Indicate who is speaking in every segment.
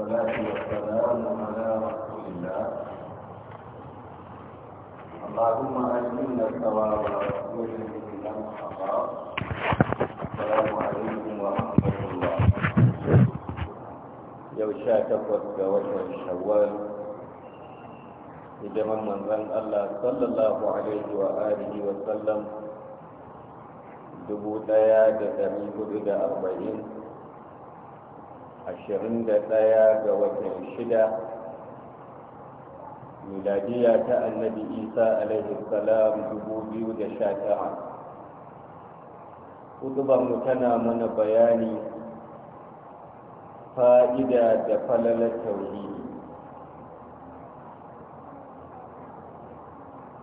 Speaker 1: والصلاة والسلام على رسول الله اللهم أجملنا الثواب واجعلنا من الحقاق السلام عليكم ورحمة الله yau sha takwas ga watan shawwal hidiman manzon Allah sallallahu alaihi wa alihi wa sallam dubu ɗaya da dari hudu da arba'in ashirin da ga watan shida miladiya ta annabi isa alaihi salam dubu biyu da sha hudubarmu tana mana bayani fa'ida da falalar tauhidi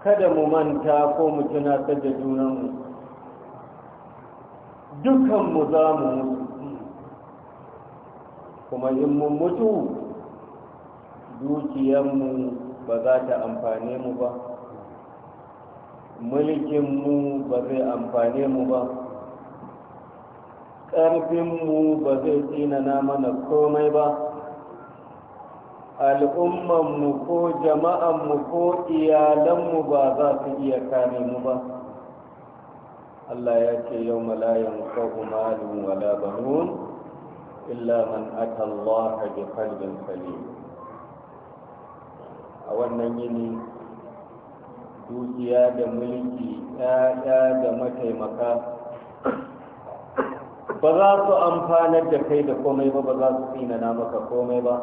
Speaker 1: kada mu manta ko mu tunatar da junanmu dukanmu za mu mutu kuma in mun mutu dukiyanmu ba za ta amfane mu ba mulkinmu ba zai amfane mu ba ƙarfinmu ba zai tsinana mana komai ba al'ummanmu ko jama'anmu ko iyalanmu ba za su iya kame mu ba Allah ya ce yau malayan ko malu wala banun Illa إلا من أتى الله بقلب A wannan yini, dukiya da mulki ɗaya da mataimaka ba za su amfanar da kai da komai ba ba za su tsinana maka komai ba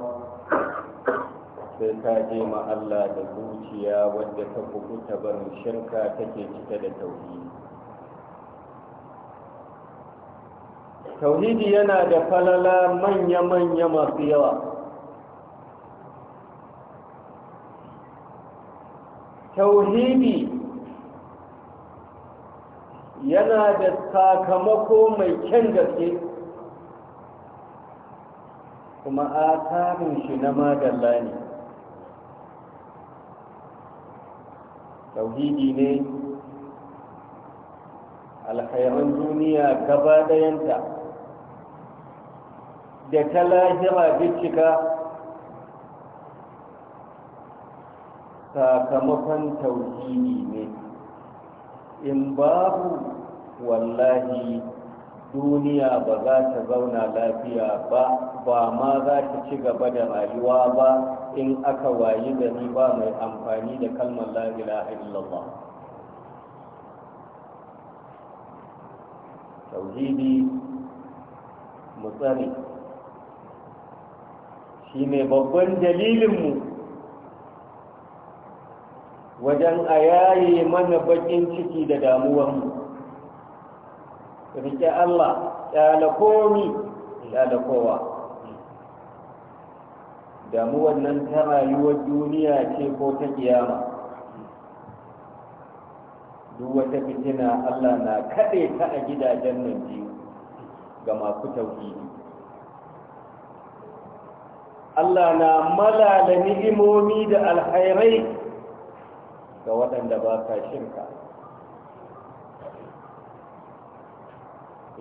Speaker 1: sai ka je ma Allah da zuciya wadda ta kubuta barin shirka take cike da tauhidi tauhidi yana da falala manya-manya masu yawa tauhidi yana da sakamako mai kyan gaske kuma atarin shi na magalla ne tauhidi ne alhairun duniya gaba dayanta da ta lahira bincika sakamakon tauhidi ne in babu wallahi duniya ba za ta zauna lafiya ba ba ma za ta ci gaba da rayuwa ba in aka wayi gari ba mai amfani da kalmar la'ila illallah tauhidi mu tsari. shi ne babban dalilinmu wajen a yaye mana baƙin ciki da damuwanmu rike Allah ƙyala ƙyalakowa kowa damuwan nan ta rayuwar duniya ce ko ta kiyama duk wata fitina Allah na kaɗe ta a gidajen nan biyu ga masu tauhidi Allah na malala ni'imomi da alhairai ga waɗanda ba ka shirka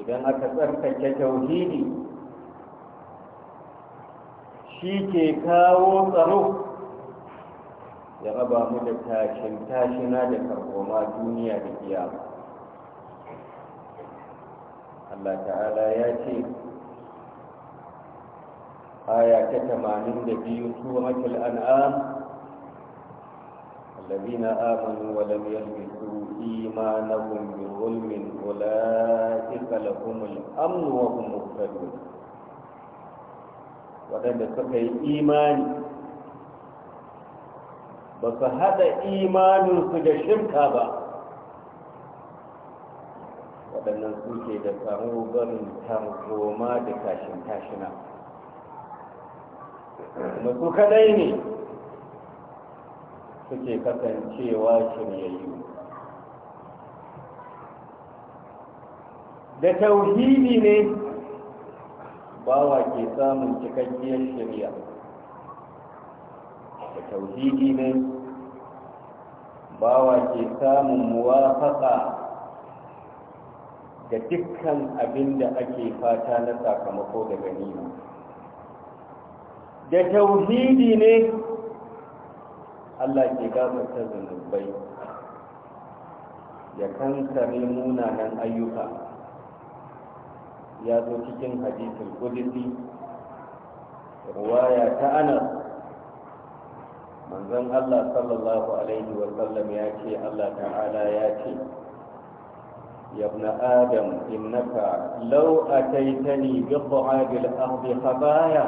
Speaker 1: idan aka tsarkake tauhidi shi ke kawo tsaro ya raba mu da tashin tashina da karkoma duniya da kiyama Allah ta'ala ya ce آية 82 سورة الأنعام الذين آمنوا ولم يلبسوا إيمانهم بظلم أولئك لهم الأمن وهم مهتدون waɗanda suka yi imani ba su haɗa imaninsu da shirka ba waɗannan suke da tsaro ganin tarzoma da tashin tashina Masu su kadai ne suke kasancewa shiryayyu da tauhidi ne bawa ke samun cikakkiyar shirya. da tauhidi ne bawa ke samun muwafaka da dukkan abin da ake fata na sakamako daga nima da tauhidi ne Allah ke gafarta zunubai ya kankare munanan ayyuka ya zo cikin hadisin qudsi ruwaya ta anas manzon Allah sallallahu alaihi wa sallam ya ce Allah ta'ala ya ce يا ابن آدم إنك لو أتيتني بضعاب الأرض خطايا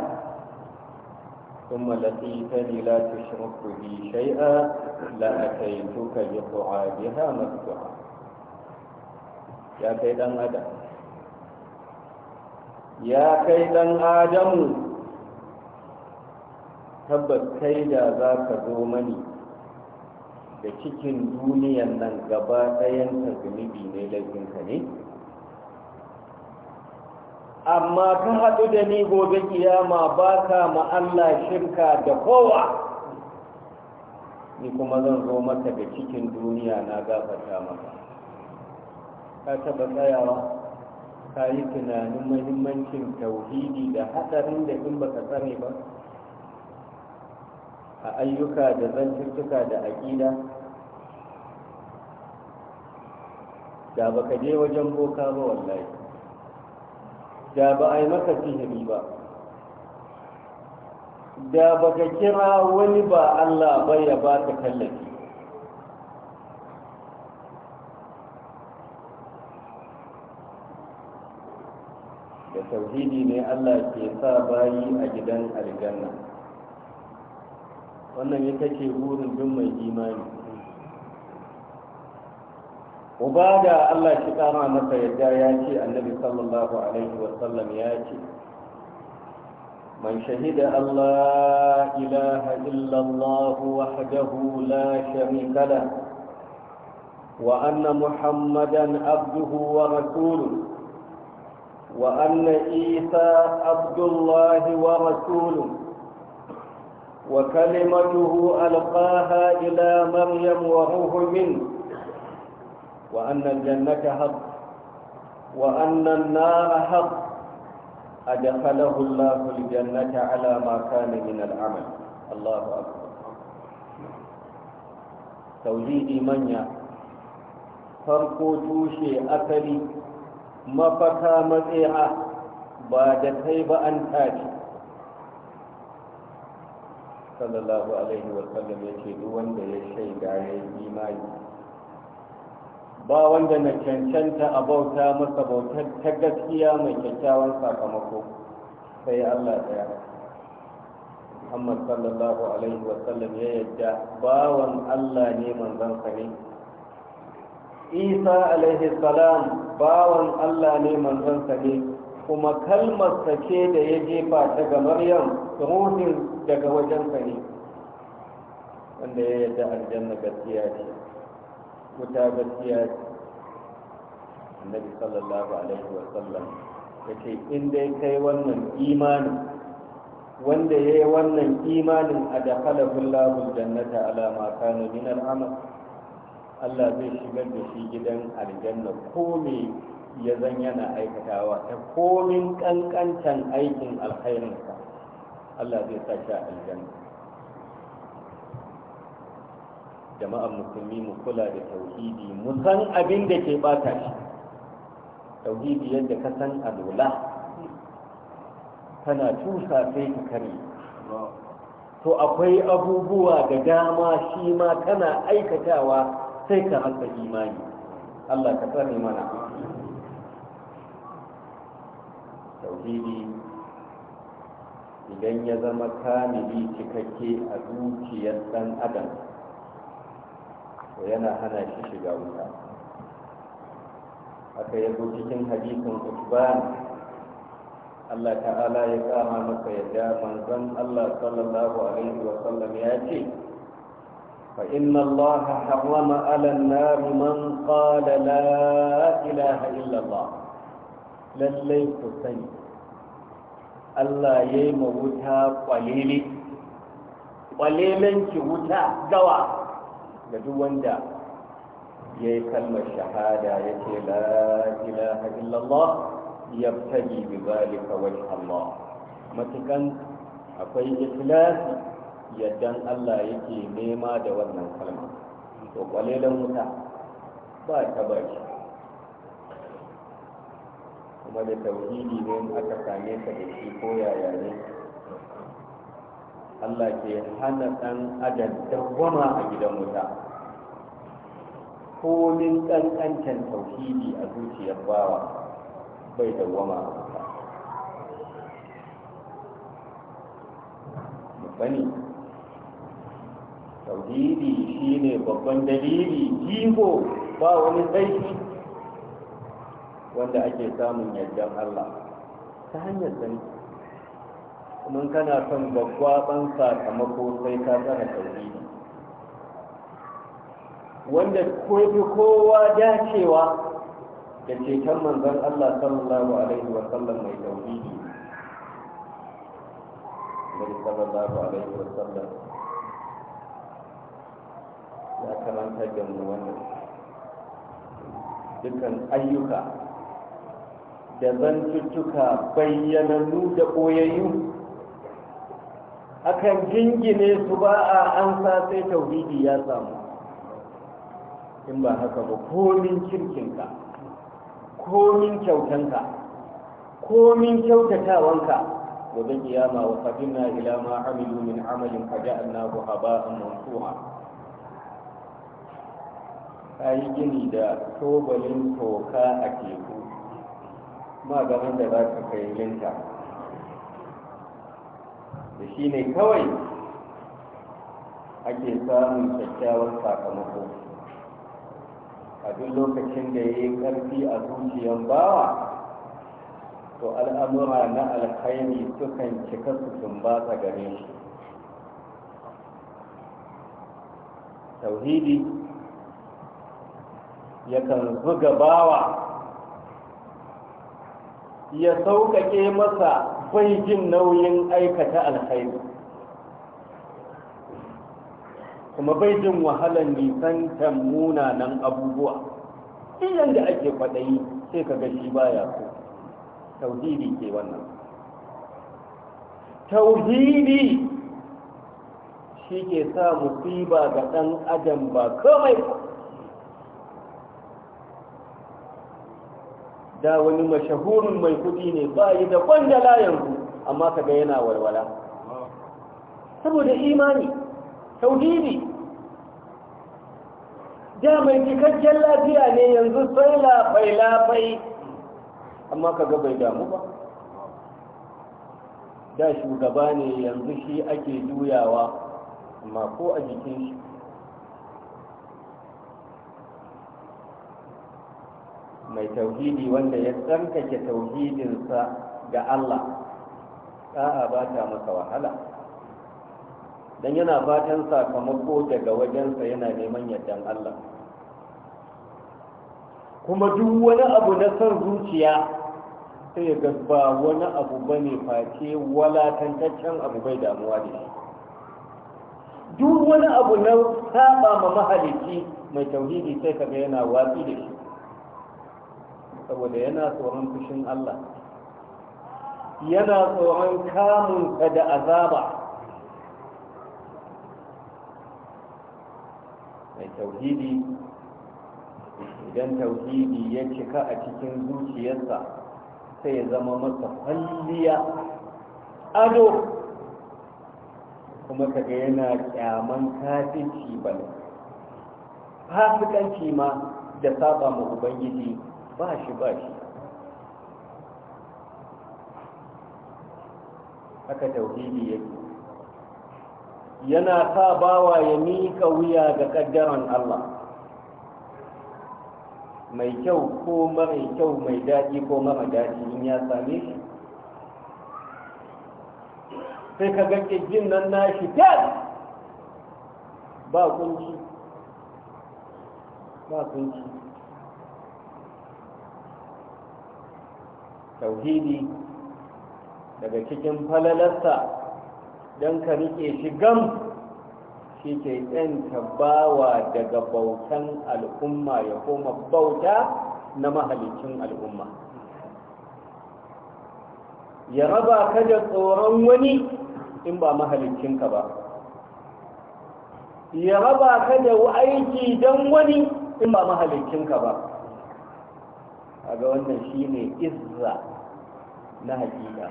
Speaker 1: ثم لقيتني لا تشرك بي شيئا لأتيتك بقعادها مفتوعا يا كيدان آدم يا كيدان آدم tabbas kai da za ka zo mani da cikin duniyan nan gaba ɗayan zunubi ne laifinka ne amma ka haɗu da ni gobe kiyama ba ka Allah shirka da kowa ni kuma zan zo maka da cikin duniya na gafata maka ka taɓa tsayawa ka yi tunanin mahimmancin tauhidi da haɗarin da in baka tsare ba a ayyuka da zantuttuka da aƙida da baka je wajen boka ba wallahi da ba a yi maka sihiri ba da ba ka kira wani ba Allah ba ya ba ta kallafi. da tauhidi ne Allah ke sa bayi a gidan aljanna wannan ya ce burin duk mai imani ubada Allah shi kama masa yadda ya ce annabi sallallahu alaihi wasallam ya ce man shahida Allah ilaha illallah wahdahu la sharika la wa anna muhammadan abduhu wa rasuluhu وأن عيسى عبد الله ورسوله وكلمته ألقاها إلى مريم وروح منه وأن الجنة حق وأن النار حق أدخله الله الجنة على ما كان من العمل الله أكبر توجيه منيا farko tushe asali mafaka matsaya ba da kai ba an tashi sallallahu alaihi wasallam ya ce duk wanda ya shaida ya yi imani ba wanda na cancanta a bauta masa bautar ta gaskiya mai kyakkyawan sakamako sai Allah daya Muhammad sallallahu alaihi wasallam ya yadda bawan Allah ne manzansa ne Isa alaihi salam bawan Allah ne manzansa ne kuma kalmarsa ce da ya jefa ta ga Maryam ruhin daga wajensa ne wanda ya yadda aljanna gaskiya ce wuta gaskiya annabi sallallahu alaihi wa sallam yace in dai kai wannan imanin wanda ya yi wannan imanin a da halabun labun jannata alama kanu min al'amal Allah zai shigar da shi gidan aljanna ko me ya zan yana aikatawa ta komin kankancan aikin alkhairinsa Allah zai sa shi aljanna jama'an musulmi mu kula da tauhidi mu san abin da ke bata shi tauhidi yadda ka san alola kana tusa sai ka kare to akwai abubuwa da dama shi ma kana aikatawa sai ka hasa imani Allah ka tsare mana tauhidi idan ya zama kamili cikakke a zuciyar dan adam to yana hana shi shiga wuta haka ya zo cikin hadisin usban Allah ta'ala ya kama maka yadda manzon Allah sallallahu alaihi wa sallam ya ce fa inna Allah harrama 'ala an-nar man qala la ilaha illa Allah lallai ku sani Allah ya yi ma wuta kwalele kwalelen ki wuta gawa da duk wanda ya yi kalmar shahada ya ce la ilaha illallah ya tabi bi zalika wani Allah matukan akwai ikhlasi yaddan Allah yake nema da wannan kalma to kwalelan wuta ba ta bari kuma da tauhidi ne aka same ka da shi ko yaya ne Allah ke hana ɗan adam dawwama a gidan wuta komin ƙanƙantan tauhidi a zuciyar bawa bai dawwama a wuta bani tauhidi shine babban dalili jigo ba wani aiki. wanda ake samun yardar Allah ta hanyar sani kuma kana son babba gwaggwaban sakamako sai ka tsara tauri wanda kofi kowa dacewa da ceton manzon Allah sallallahu alaihi wa sallam mai tauri mai sallallahu alaihi wa sallam ya karanta da wannan dukkan ayyuka da zantuttuka bayyanannu da ɓoyayyu akan jingine su ba a an sa sai tauhidi ya samu in ba haka ba komin ka, komin kyautanka komin kyautatawanka wajen kiyama wa qadimna ila ma amilu min amalin faja'alnahu haba'an mansura ka yi gini da tobalin toka a teku ma da za ka kai linta da shi ne kawai ake samun kyakkyawar sakamako a duk lokacin da ya yi ƙarfi a zuciyar bawa to al'amura na alkhairi sukan cika su sumbata gare shi tauhidi yakan zuga bawa ya sauƙaƙe masa akwai jin nauyin aikata alkhairi kuma bai jin wahalar nisantan munanan abubuwa idan da ake kwaɗayi sai ka ga shi baya ko, tauhidi ke wannan tauhidi shi ke sa musiba ga ɗan adam ba kawai ba da wani mashahurin mai kudi ne ba yi da kwandala yanzu amma kaga yana walwala saboda imani taudidi da mai cikakken lafiya ne yanzu sai lafai-lafai. amma kaga bai damu ba da shugaba ne yanzu shi ake juyawa amma ko a jikin shi mai tauhidi wanda ya tsarkake tauhidinsa ga Allah a'a ba ta masa wahala don yana fatan sakamako daga wajensa yana neman yardan Allah kuma duk wani abu na son zuciya sai ga ba wani abu ba ne face walatantaccen abu bai damuwa da shi duk wani abu na saba ma mahalici mai tauhidi sai kaga yana watsi da shi saboda yana tsoron fushin Allah yana tsoron ka da azaba mai tauhidi idan tauhidi ya cika a cikin zuciyarsa sai ya zama masa kwalliya ado kuma kaga yana kyaman Ba ne fasikanci ma da saba ma ubangiji ba shi ba shi haka tauhidi yake yana sa bawa ya miƙa wuya ga ƙaddaran Allah mai kyau ko mara kyau mai daɗi ko mara daɗi in ya same shi sai ka ga ƙirgin nan nashi tas ba kunci ba kunci tauhidi daga cikin falalarsa don ka rike shi gam shi ke tsanta bawa daga bautan al'umma ya koma bauta na mahalicin al'umma ya raba ka da tsoron wani in ba mahalicinka ba ya raba ka da aiki don wani in ba mahalicinka ba kaga wannan shine izza na hakika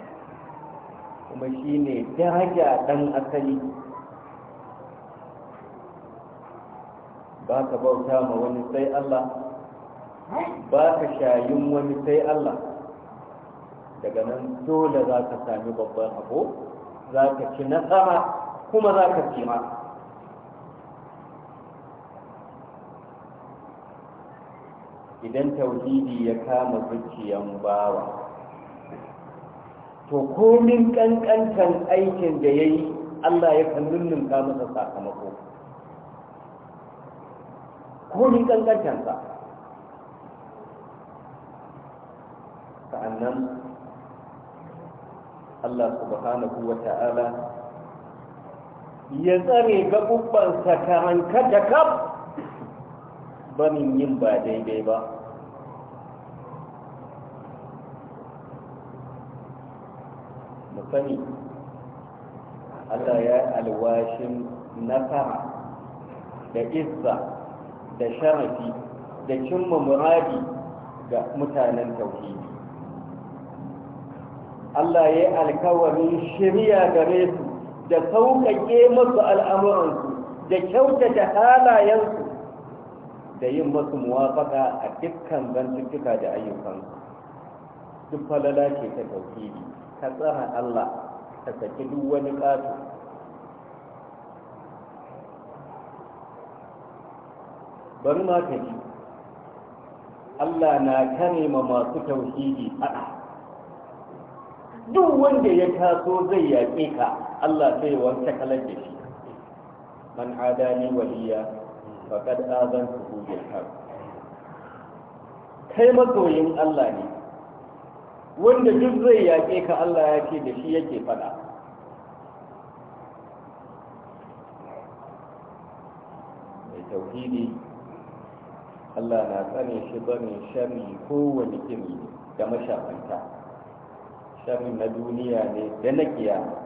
Speaker 1: kuma shine daraja dan asali Baka bauta ma wani sai Allah ba ka shayin wani sai Allah daga nan dole za ka sami babban abu za ka ci nasara kuma za ka ci ma idan tauhidi ya kama zuciyan bawa to komin kankantan aikin da ya yi allah ya kan nunnunka masa sakamako komin kankantansa sa'annan allah subhanahu wa ta'ala ya tsare gaɓuɓɓansa ta hankata kaf bamin yin ba daidai ba sani Allah ya alwashin nasara da izza da sharafi da cimma muradi ga mutanen tauhidi Allah ya yi alkawarin shirya gare su da sauƙaƙe masu al'amuransu da kyautata halayensu da yin masu muwafaka a dukkan gantuttuka da ayyukansu duk falala ce ta tauhidi ka tsara Allah ka saki duk wani ƙato bari ma ka ji Allah na kare ma masu tauhidi faɗa duk wanda ya taso zai yaƙe ka Allah sai wanta kalar da shi man adani waliya faqad azantu bil harb kai masoyin Allah ne wanda duk zai yaƙe ka Allah ya ce da shi yake faɗa mai tauhidi Allah na tsane shi barin shari kowane iri da mashafanta shari na duniya ne da na kiyama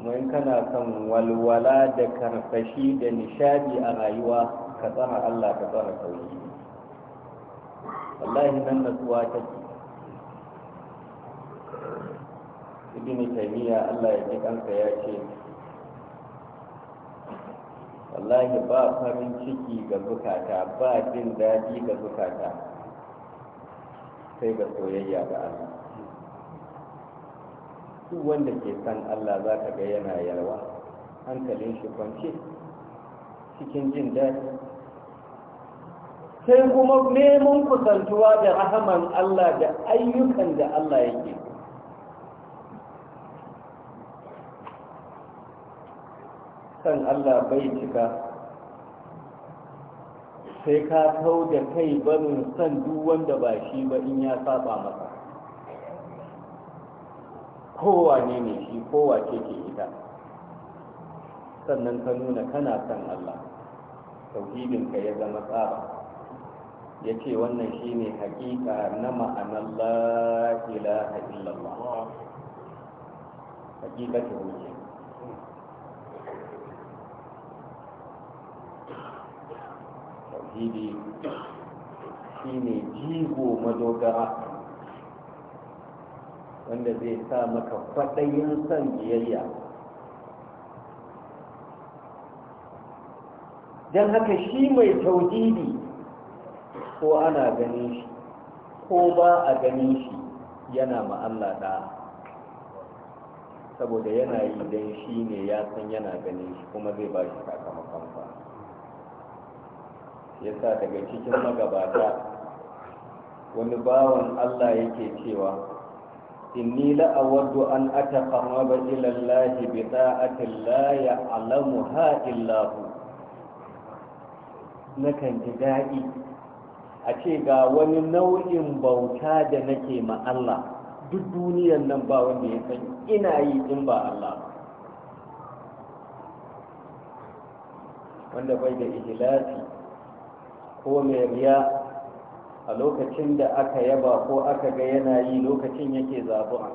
Speaker 1: kuma in kana kan walwala da karfashi da nishadi a rayuwa ka tsara Allah ka tsara tauhidi wallahi nan natsuwa take ibini taymiya Allah ya ji kansa ya ce wallahi ba farin ciki ga zukata ba jin daɗi ga zukata sai ga soyayya ga Allah duk wanda ke san Allah za ka ga yana yalwa hankalin shi kwanci cikin jin daɗi sai kuma neman kusantuwa da rahaman Allah da ayyukan da Allah yake san Allah bai cika sai ka tau da kai barin san duk wanda ba shi ba in ya saba masa kowa ne ne shi kowa ce ke ita sannan ka nuna kana san Allah tauhidinka ya zama tsara ya ce wannan shi ne hakika na ma'anar la'ilaha illallah ta wuce tauhidi ne jigo madogara wanda zai sa maka faɗayin son biyayya don haka shi mai tauhidi ko ana ganin shi ko ba a ganin shi yana ma'alla da saboda yana yi don shi ne ya san yana ganin shi kuma zai ba shi sakamakon ba ya sa daga cikin magabata wani bawan Allah yake cewa inni la'awadu an ataqarraba ila Allah bi ta'atin la alamu illa hu nakan ji daɗi a ce ga wani nau'in bauta da nake ma Allah duk duniyar nan ba wanda ya san ina yi in ba Allah wanda bai da ihlasi ko mai riya a lokacin da aka yaba ko aka ga yana yi lokacin yake zabuwa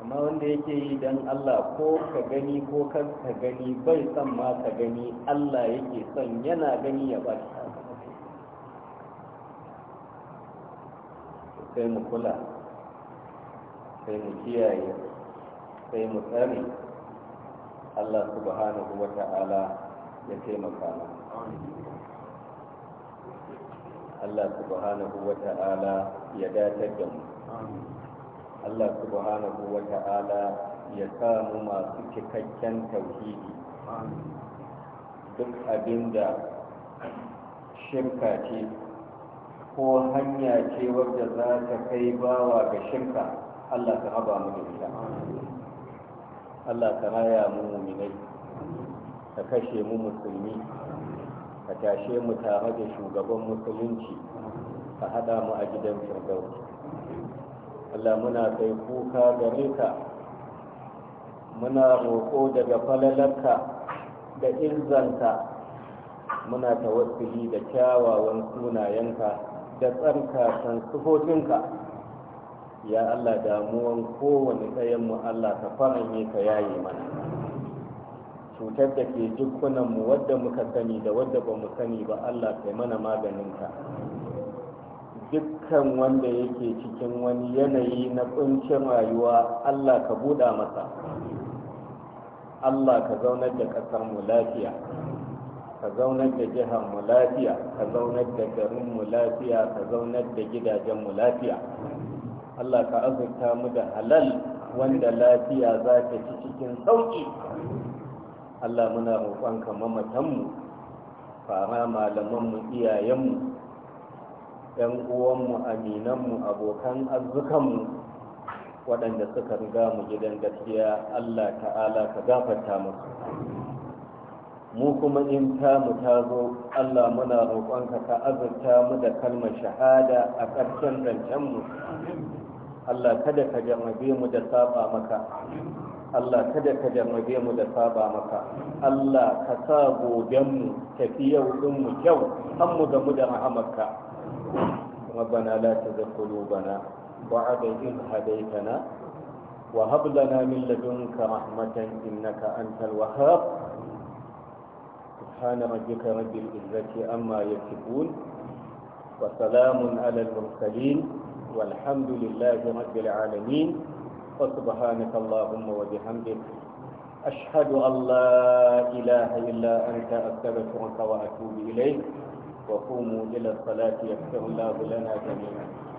Speaker 1: amma wanda yake yi don Allah ko ka gani ko kan ka gani bai san ma ka gani Allah yake son yana gani ya ba shi sai mu kula sai mu kiyaye sai mu tsare Allah subhanahu wa ta'ala ya taimaka mana Allah subhanahu wa ta'ala ya datar da mu Allah subhanahu wa ta'ala ya samu masu cikakken tauhidi duk abinda shirka ce ko hanya ce wadda za ta kai bawa ga shirka Allah ka haba mu da ita Allah ka raya mu muminai ka kashe mu musulmi ka tashe mu tare da shugaban musulunci ka haɗa mu a gidan firdaus Allah muna kai kuka gare ka muna roƙo daga falalarka da inzanka muna tawassuli da kyawawan sunayenka da san sufofinka ya Allah damuwan kowane ɗayan mu Allah ka faranye ka yaye mana cutar da ke jikunanmu wadda muka sani da wadda ba mu sani ba Allah kai mana maganin ka. dukkan wanda yake cikin wani yanayi na kuncin rayuwa Allah ka buɗa masa Allah ka zaunar da ƙasarmu lafiya ka zaunar da jiharmu lafiya ka zaunar da garinmu lafiya ka zaunar da gidajenmu lafiya Allah ka azurta mu da halal wanda lafiya za ta ci cikin sauƙi Allah muna ka mamatanmu fara malamanmu iyayenmu ‘yan uwanmu aminanmu abokan arzikanmu waɗanda suka riga mu gidan gaskiya Allah ta'ala ka gafarta musu mu kuma in tamu ta zo Allah muna roƙonka ka azurta mu da kalmar shahada a ƙarshen rancenmu. Allah kada ka jamabe mu da saba maka Allah kada ka jarrabe mu da saba maka Allah ka sa mu gobenmu tafiyar mu kyau an mu da rahamarka rabbana la tazakkulu bana wa abadin hadaitana wa hab lana min ladunka rahmatan innaka antal wahhab subhana rabbika rabbil izzati amma yasifun wa salamun ala al mursalin والحمد لله رب فسبحانك اللهم وبحمدك أشهد أن لا إله إلا أنت أستغفرك وأتوب إليك وقوموا إلى الصلاة يغفر الله لنا جميعا